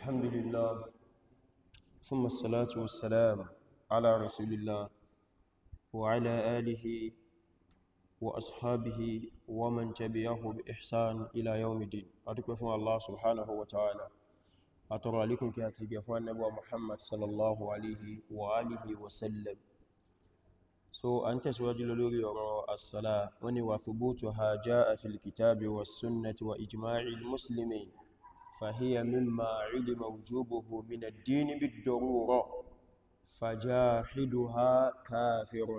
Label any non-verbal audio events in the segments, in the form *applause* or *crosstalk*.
الحمد لله ثم الصلاة والسلام على رسول الله وعلى آله وأصحابه ومن تبعه بإحسان إلى يوم الدين أتكفوا الله سبحانه وتعالى أترى لكم كاتب النبوة محمد صلى الله عليه وآله وسلم so an tẹ̀síwájú lórí ọ̀rọ̀ as-salah wani wa thubutuha jaa fil kitabi was sunnati wa ijma'il muslimin فهي مما علم وجوبه من الدين بالضرورة فجاحدها كافر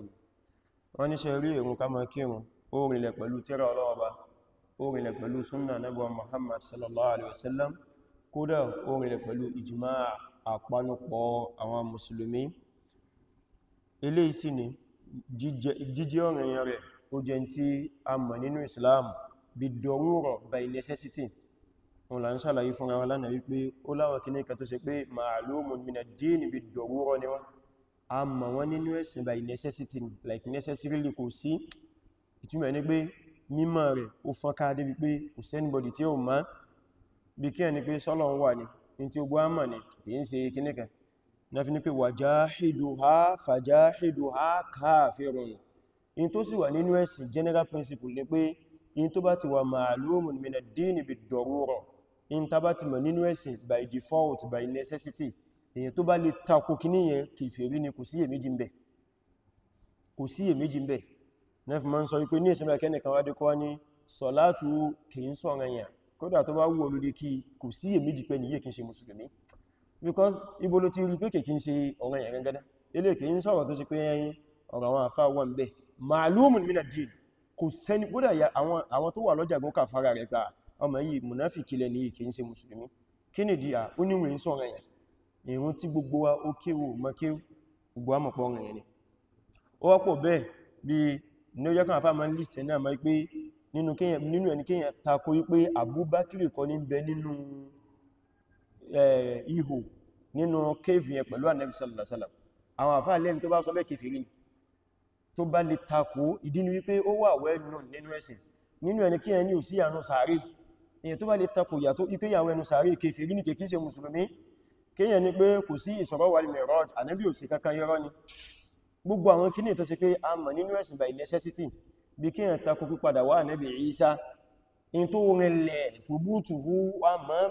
wọ́n ní ṣe rí ìrun ká máa kírun ó rìnlẹ̀ pẹ̀lú tírà ọlọ́ọ̀bá ó rìnlẹ̀ pẹ̀lú súnnà nábì Muhammad sallallahu alaihi wasallam kódà ó rìnlẹ̀ pẹ̀lú ìjìmá àpánupọ̀ àwọn mùsùlùmí ilé ìsì ni jíjẹ́ ọ̀rìnyàn rẹ̀ ó jẹ́ tí a mọ̀ nínú Islam bí dọ̀rúrọ̀ by necessity wọn la ń sàlàyé fún àwọn lánàá wípé ó láwọn kí ní ìkà tó ṣe pé ma'lumun min ad-din bid-darura a mọ̀ wọ́n nínú ẹ̀sìn by necessity like necessarily kò sí ìtumọ̀ ní pé mímọ̀ rẹ̀ ó fọ́n ká dé wípé kò sẹ́nibọ̀dì tí ó má bí kí ẹni pé na fi ní pé wajahiduha fajahiduha kafirun in tó sì wà nínú ẹ̀sìn general principle ni pé in tó bá ti wà ma'lumun min ad-din bid-darura in ta bá ti by default by necessity èyàn tó bá lè takò kí níyẹn kèfèrí ni kò síyè méjì ń bẹ̀ kò síyè méjì ń bẹ̀ nẹ́fì ma ń sọ wípé ní ìsinmi akẹ́nìkan wádé kọ́ ní sọ̀látù kìí sọ̀rọ̀ yẹn kódà tó bá wù olùdí kí kò síyè méjì pẹ́ nìyẹ kìí ṣe mùsùlùmí because ibo ló ti rí pé kìí ṣe ọ̀rọ̀ yẹn gangan ilé kìí sọ̀rọ̀ tó ṣe pé ẹyin ọ̀rọ̀ àwọn àfá wọ́n bẹ̀ ma'lumun ọmọ yìí munafiki lẹ́ni yìí kìí ṣe mùsùlùmí kí ni díà ó níwẹ̀ ń sọ̀rọ̀ yẹn ìrun tí gbogbo wa ó kéwò mọ́kéwò gbogbo àmọ̀pọ̀ ọ̀rọ̀ ni ó wọ́pọ̀ bẹ́ẹ̀ bí ní ó yẹ́kàn àfáà máa ń list náà máa pé nínú ẹni kíyàn tako wípé Abubakar kọ́ ní bẹ nínú ihò nínú kéfì yẹn pẹ̀lú Ànábì sallallahu alaihi wasallam àwọn àfáà lẹ́ni tó bá ni tó bá ni wípé ó wà well ẹni ò sí àánú sàárè èyàn tó bá lè takò yàtọ̀ ipé ìyàwó ẹnu sàárè kèfèrí ní kèkí ṣe mùsùlùmí kéyàn ní pé kò sí ìsọ̀rọ̀ wà mẹ́rọ̀d ànábì ò sí kankan yọ́rọ́ ni gbogbo àwọn kíní tó ṣe pé a mọ̀ nínú ẹ̀sìn by necessity bí kéyàn takò pípadà wà ànábì Ìsá in tó rinlẹ̀ fòbútù hú wà mọ́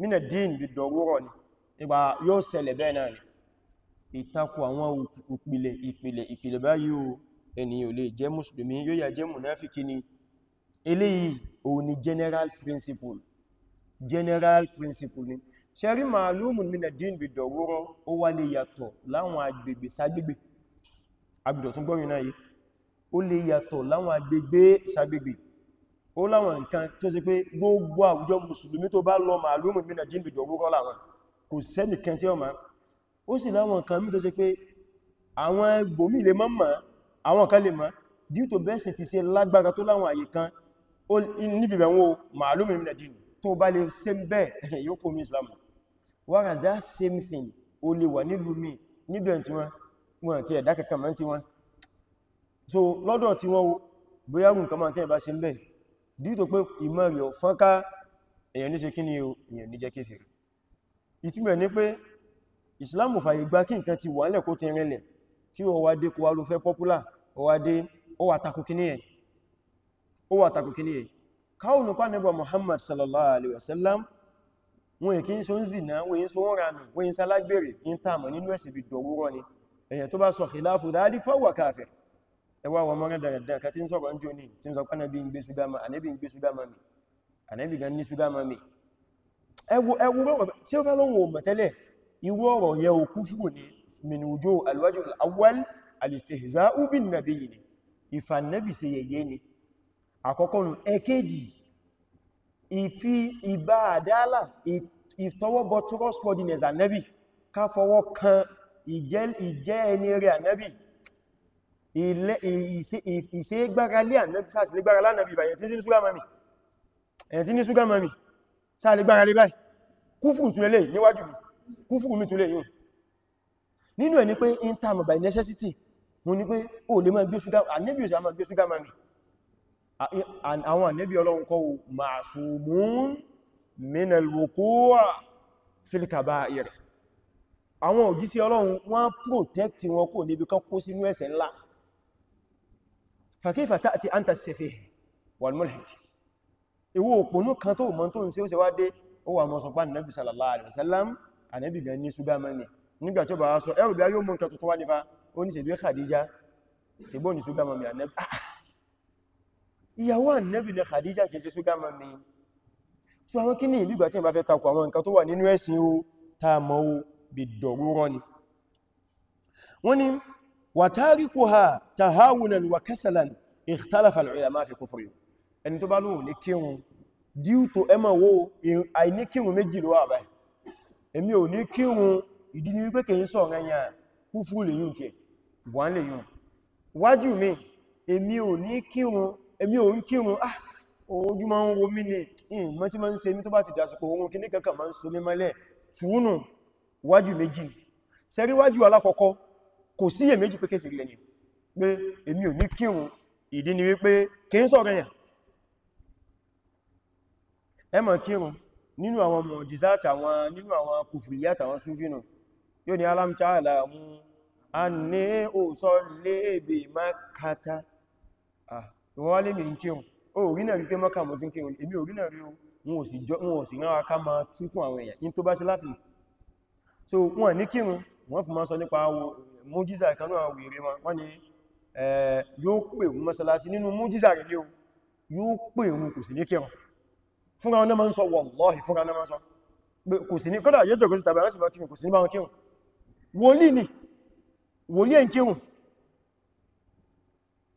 nínà dín bí dọ̀wọ́rọ̀ ni ìgbà yóò ṣẹlẹ̀ bẹ́ẹ̀ náà ni ìtakò àwọn ìpìlẹ̀ ìpìlẹ̀ ìpìlẹ̀ báyìí ènìyàn lè jẹ́ mùsùlùmí yóò yà jẹ́ mùnáfikí eléyìí òun ni general principle general principle ni ṣẹ́rí màálùmù nínú dín bí dọ̀wọ́rọ́ ó wá lè yàtọ̀ láwọn agbègbè ságbègbè agbègbè tún gbọ́rin náà yìí ó lè yàtọ̀ láwọn agbègbè ságbègbè ó láwọn nǹkan tó ṣe pé gbogbo àwùjọ mùsùlùmí tó bá lọ màálùmù nínú dín bí dọ̀wọ́rọ́ láwọn kò sẹ́nìkan tí ó máa ó sì láwọn nǹkan mí tó ṣe pé àwọn gbòmí lè mọ́ mọ́ àwọn kan lè mọ́ dí tó bẹ́sìn ti ṣe lágbára tó láwọn àyè kan níbi ìbẹ̀wọ̀n ma'lúmi min ad-din tó bá lè ṣe bẹ́ẹ̀ *laughs* yóò kó mi islam whereas that same thing o lè wà nílùú mi níbẹ̀ tí wọ́n wọ́n ti ẹ̀dá kankan mọ́ wọ́n so lọ́dọ̀ tí wọ́n bóyá nǹkan máa tẹ́ ìbá ṣe bẹ́ẹ̀ dídò pé ìmọ̀ rẹ̀ fọ́nká ni èèyàn ní jẹ́ kéfèrè ìtumọ̀ ní pé islam fàyè gbà kí nǹkan ti wà popular ó wá dé ó ó wà takò kí ní ẹ̀ káwùnù pa nígbà Muhammad sallallahu alaihi wasallam wọn èkí ń so ń zìnà wọn yí so ń ranù wọn yí sálágbèrè yí tààmà nínú ẹ̀sìn bí dọ̀wúrọ́ ni èyàn tó bá sọ khilafu dáadí fọ́wà káfẹ́ ẹwà wọn mọ́rẹ́ dáradá ká tí ń sọ̀rọ̀ ń jò ní tí ń sọ pánàbí ń gbé ṣúgámà ànẹ́bí ń yẹ̀yẹ́ ni àkọ́kọ́nù ẹ̀kejì ìfi ìbá àdálà ìtọwọ́bọ̀ trustworthiness ànábì ká fọwọ́ kan ìjẹ́ ẹni rẹ̀ ànábì ìṣe gbáralé ànábì sáàsì lè gbáralé ànábì báyìí tí ní ṣúgá mami sáà lè gbáralé báyìí kúfùrù tún lè níwájú mi kúfùrù mi tún lè yùn nínú ẹ̀ ni pé in time by necessity mo ní pé o lè máa gbé ṣúgá ànábì ò sí a máa gbé mami àwọn ànábì Ọlọ́run kọ́ ma'sumun min al-wuqu' fil kaba'ir àwọn òjíṣẹ́ Ọlọ́run wọ́n protect wọn kò níbi kan kó sínú ẹ̀ṣẹ̀ ńlá fa kayfa ta'ti anta as-safih wal mulhid ìwọ òpònú kan tó mọ̀ tó ń ṣe ó ṣe wá dé ó wà mọ́ sọ pá nàbì sallallahu alaihi wasallam ànábì gan ní ṣúgá ìyàwó ànẹ́bì ní Khadija kìí ṣe ṣúgá mọ́ mi so àwọn kí ní ìlúgbà tí ìbá fẹ́ takò àwọn nǹkan tó wà nínú ẹ̀sìn o tààmọ́ o bí dọ̀rúrọ́ ni wọ́n ni wà tàríkù ha tahawunan wa kasalan ikhtalafa al-ulama fi wà báyìí wájú mi èmi ò ní kírun èmi ò ń kírun ah ojú ma ń wo mí ní ìmọ́ tí ma ń ṣe mí tó bá ti dásùkò ohun kí ní kankan ma ń so mí mọ́lẹ̀ túnù wájú méjì sẹ́rí wájú alákọ̀ọ́kọ́ kò sí è méjì pé kéfèrí lẹ́ni pé èmi ò ní kírun ìdí ni wípé kí ń sọ̀rọ̀ yà ẹ mọ̀ kírun nínú àwọn mọ̀ jìzáàtì àwọn ah wọ́n lè mi kírùn ó rí náà rí pé mọ́kà mọ́ tí ń kírùn èmi ò rí náà rí wọn ò sì rán wa ká ma túnkùn àwọn èèyàn in tó bá ṣe láfihàn so wọ́n ní kírùn wọ́n fi ma sọ nípa mújíza ìkanú àwọn wèrè wọ́n ni yóò pè wọn mọ́sálásí o yóò pè wọn kò sí ní kírùn fúnra wọn náà ma ń sọ wallahi fúnra náà ma ń sọ kò sí ní kọ́dà yẹ́jọ̀ kò sí tàbí àwọn sì bá kírùn kò sí ní bá wọn kírùn wòlíì ni wòlíì ẹ̀ ń kírùn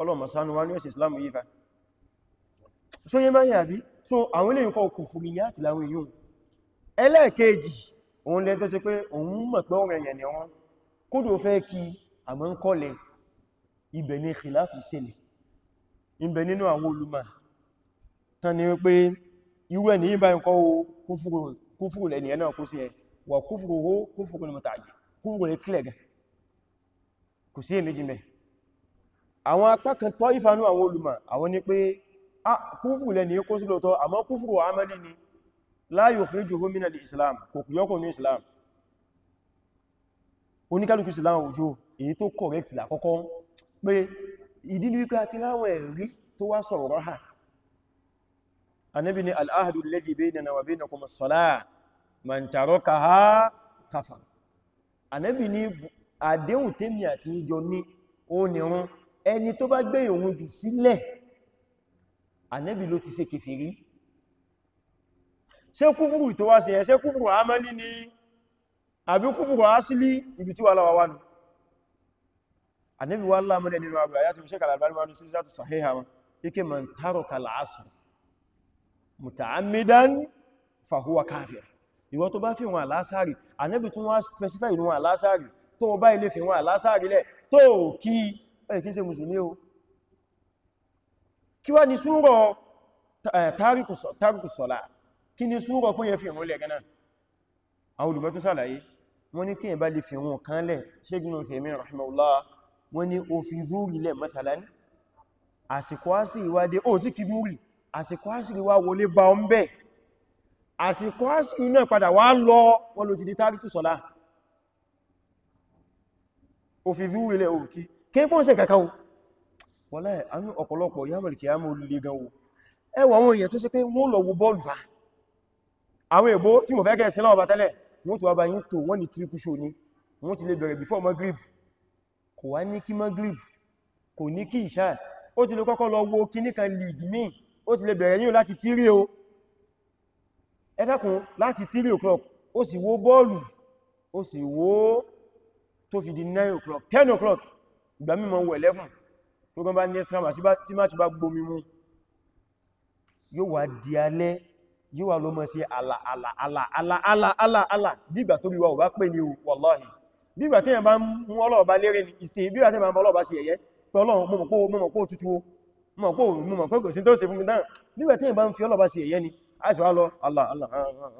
ọlọ́mọ sánú wá ní ẹ̀sìn islam yìí fa so yẹ bá so àwọn ilé nǹkan okùn fún ìyá àti láwọn èèyàn ẹlẹ́ẹ̀kejì òun lẹ́ tó ṣe pé òun mọ̀ pé ọ̀rẹ́ yẹn ni wọ́n kódò fẹ́ kí àmọ́ ń kọ́lẹ̀ ibẹ̀ ni khilafi ṣẹlẹ̀ ibẹ̀ nínú àwọn olùmọ̀ tán ni wípé irú ẹni yìí báyìí kọ́ kúfùrù lẹ́ni ẹ̀ náà kó sí ẹ wà kúfùrù àwọn apákan tọ́ ìfanú àwọn olùmọ̀ àwọn ní pé ah, kúfù lẹ́ni kó sí lóòtọ́ àmọ́ kúfù amali ni la yukhrijuhu min al-islam kò yọ́kùn ní islam oníkálùkù sí láwọn òjò èyí tó correct lákọ́kọ́ pé ìdílú ikú àti láwọn ẹ̀rí tó wá sọ̀rọ̀ rọ́hà anábi ni al'ahadu alladhi baynana wa baynakum as-salah man tarakaha kafar anábi ni àdéhùn tèmi àti ìjọ ní ó nìrún ẹni tó bá gbé ìhun jù sílẹ̀ ànẹ́bì ló ti ṣe kèfèrí ṣé kúfùrù tó wá sí ẹ ṣé kúfùrù àmàlí ni àbí kúfùrù àásílì ibi tí wà láwà wánu ànẹ́bì wá lámọ́lẹ̀ nínú àbúrà yá ti mú ṣe kàlàbárí wánu sí sátù sàhíhà wọn yíké man taraka al-asr muta'ammidan fahuwa tó bá ilé fi wọn àlásàrì lẹ̀ tó kí ẹ̀kí ṣe mùsùlùmí o kí wá ní súrọ̀ tàríkù sọ́lá kí ní súrọ̀ pín yẹ fi ìrún lẹ̀ gánà àwọn olùgbẹ́ tó sàlàyé wọ́n ní kíyàn bá lè fi ìrún kan lẹ̀ ṣégun Uthaymin rahimahullah wọ́n ní o fi rúrì lẹ̀ mẹ́sàlání àsìkò àsìrì wá dé ó sì kí rúrì àsìkò òkí kí pọ́n ṣe kàkàwò wọ́lá àánú ọ̀pọ̀lọpọ̀ yàmàlì kìí àmà olùlé gan o ẹwà àwọn èèyàn tó ṣe pé wọ́n lọ wo bọ́ọ̀lù fa àwọn èbó tí mo fẹ́ kẹ́ sí láwọn tẹ́lẹ̀ wọ́n ti wá bá yín tó wọ́n ni triple show ni wọ́n ti lè bẹ̀rẹ̀ before magrib kò magrib kò ní kí ìṣà ó ti lè kọ́kọ́ lọ wo kíní kan league mi ó ti lè bẹ̀rẹ̀ yín o ẹ dákun láti tírí o'clock ó sì wo bọ́ọ̀lù ó 10 o'clock ìgbà mímọ̀ wọ 11 tó gán bá ní ẹ́sìnkámà tí máa ti bá gbomi mú yóò wà di alẹ́ yóò wà lọ mọ́ sí àlà àlà àlà àlà àlà àlà àlà bígbà tó bíwà ọba pè ní wàláhì bígbà tí yàn bá mú ọlọ́ọ̀bá lérè ní ìsìn bígbà tí yàn bá ọlọ́ọ̀bá sí ẹ̀yẹ pẹ̀lọ́run mọ̀mọ̀ pọ̀ tútù mọ̀mọ̀ pọ̀ kò sí tó ṣe fún mi dáhùn bígbà tí yàn bá ń fi ọlọ́ọ̀bá sí ẹ̀yẹ ni a sì wá lọ àlà àlà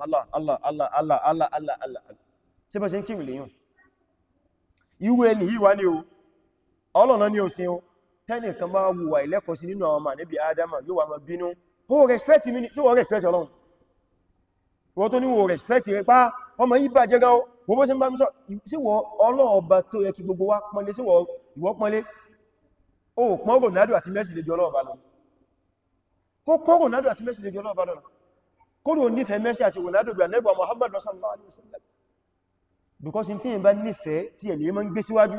àlà àlà àlà àlà àlà àlà àlà ọlọ́nà ní òsìn o tẹ́nì kan bá wùwà ìlẹ́kọ̀ọ́ sí nínú àwọn mànẹ́bí adama yóò wà máa bínú o respect mi sí wọ́n respect ọlọ́run wọ́n tó ní wọ́n respect rẹ̀ pá ọmọ yìí bàjẹ́ gan wọ́n bó ṣe ń bá mi sọ sí wọ́n ọlọ́ọ̀ba tó yẹ kí gbogbo wa pọ́nlé sí wọ́n pọ́nlé o pọ́n Ronaldo àti Messi lè jọ ọlọ́ọ̀ba lọ ó pọ́n Ronaldo kódò nífẹ̀ẹ́ Messi àti Ronaldo bí anẹ́gbà Muhammad sallallahu alaihi wasallam because in tí ìbá nífẹ̀ẹ́ tí ẹ̀lẹ́ mọ́ ń gbé síwájú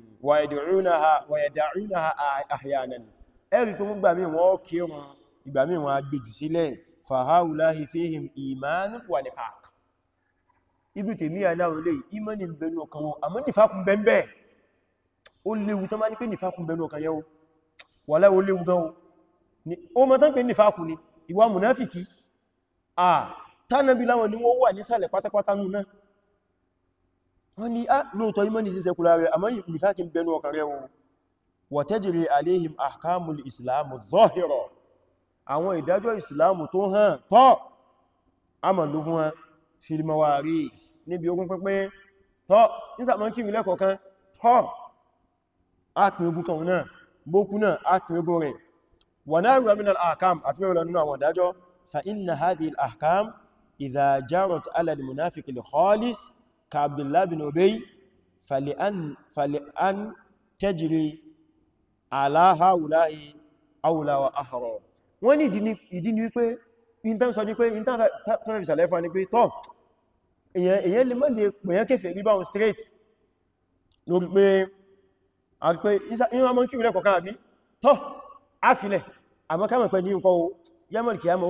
wa yad'unaha wa yad'unaha ahyanan ẹ̀rí pé gbà mí wọ́n kírun ìgbà mí wọ́n agbèjù sílẹ̀ fa haulahi fihim iman wa nifaq ibi tèmí aláwọ̀ lè imani ń bẹnu wọn ó léwu tán bá ní pé nifakun bẹnu ọkàn yẹn wà tánàbí láwọn ni wọ́n wà nísàlẹ̀ pátápátá nù náà wọ́n ni á ah, lóòtọ́ imani sí sẹ́kùlá rẹ̀ àmọ́ ìfàkín bẹnu ọkàn rẹ̀ wọn wa tajri alayhim ahkamul islamu zahira àwọn ìdájọ́ ìsìláàmù tó hàn tọ́ àmà ló fún wọn fil mawarith níbi ogún pínpín tọ́ nísàmọ́ kí ìrìnlẹ̀ kọ̀ọ̀kan tọ́ ápín ogun ka abdullahi bin obey fali'an tẹ́jìrì aláhàúláì aulawa ahọ̀rọ̀ wọ́n ní ìdí ni wípé intan sọ ní pé intan fẹ́fẹ́ ìsàlẹ̀ fún ni pé tọ́ èyàn lè mọ́lẹ̀ pẹ̀yàn kẹfẹ́ rí báwọn straight lórí pé àti pé ìwọ̀n mọ́ kí ìrẹ́ kọ̀kan àbí tọ́ àfilẹ̀ àmọ́kámọ̀ pẹ̀ ní nǹkan o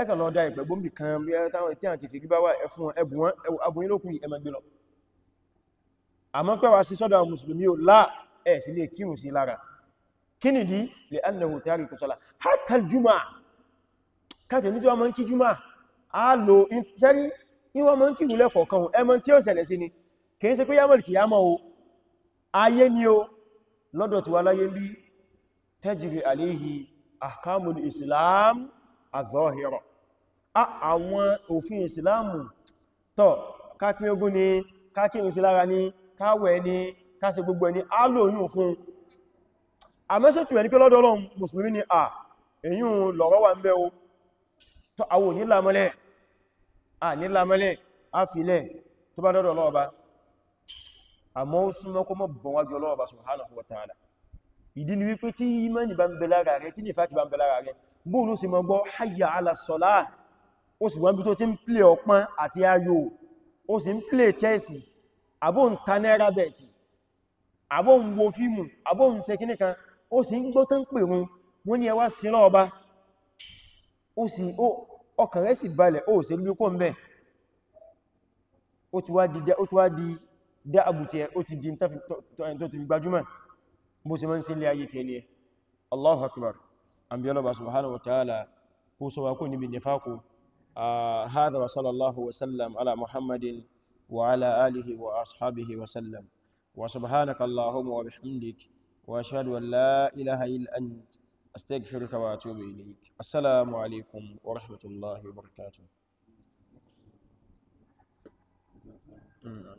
ẹkàn lọ dá ìpẹ̀ gbóǹbì kan bí ẹ táwọn tí a ti fi rí bá wà ẹfún ẹbùn wọn abùn ilókùn ẹmẹgbẹ́ lọ àmọ́ pẹ́wàá sí sọ́dọ̀ mùsùlùmí ò láà ẹ̀ sí lè kírùn sí lára kí ni dí lè annahu tariku sọ́lá hatal juma káàtẹ̀ ní tí wọ́n mọ́ ń kí juma a lò sẹ́rí ní wọ́n mọ́ ń kírù lẹ́kọ̀ọ̀kan ẹmọ tí ó ṣẹlẹ̀ sí ni yamal kiyama o ayé ni o lọ́dọ̀ tí wà islam àzọ́hìrọ̀ àwọn òfin ìsìláàmù tọ́ kápín ogún ni kákírin sí lára ni káwẹ̀ ni káṣe gbogbo ẹni alóyún fún àmẹ́sẹ̀tù ẹni pé lọ́dọ̀ Ọlọ́run mùsùlùmí ni à èyún lọ̀rọ̀ wà ń bẹ o tọ́ àwọn nílàmọ́lẹ̀ à nílàmọ́lẹ̀ á filẹ̀ tó bá dọ́dọ̀ lọ́ọ̀ba àmọ́ ó súnmọ́ kó mọ́ bọ̀n wájú Ọlọ́run subhanahu wa ta'ala ìdí ni wípé tí ìmánì bá ń bẹ lára rẹ tí nífàkì bá ń bẹ lára rẹ bóòlù sí mọ́ gbọ́ hayya ala salah ó sì wọ́n bí ti ń plé ọpán àti ayò ó sì ń plé chelsea àbó ń ta náírà bẹ̀ẹ̀tì àbó ń wo fíìmù àbó ń ṣe kíní kan ó sì ń gbọ́ tán pè run wọ́n ní ẹwà sí lọ́ọba ó sì ọkàn rẹ̀ sì ti wá di dá ó ti di tó ti gbajúmọ̀ Allahu akbar àbíọ́lọ́ bá subhanahu wa ta'ala kó sọ wa kó níbi nífàkù hadha wa sallallahu wa sallam ala muhammadin wa ala alihi wa ashabihi wa sallam wa subhanaka allahumma wa bihamdik wa ashhadu an la ilaha illa ant astaghfiruka wa atubu ilayk assalamu alaikum wa rahmatullahi wa barakatuh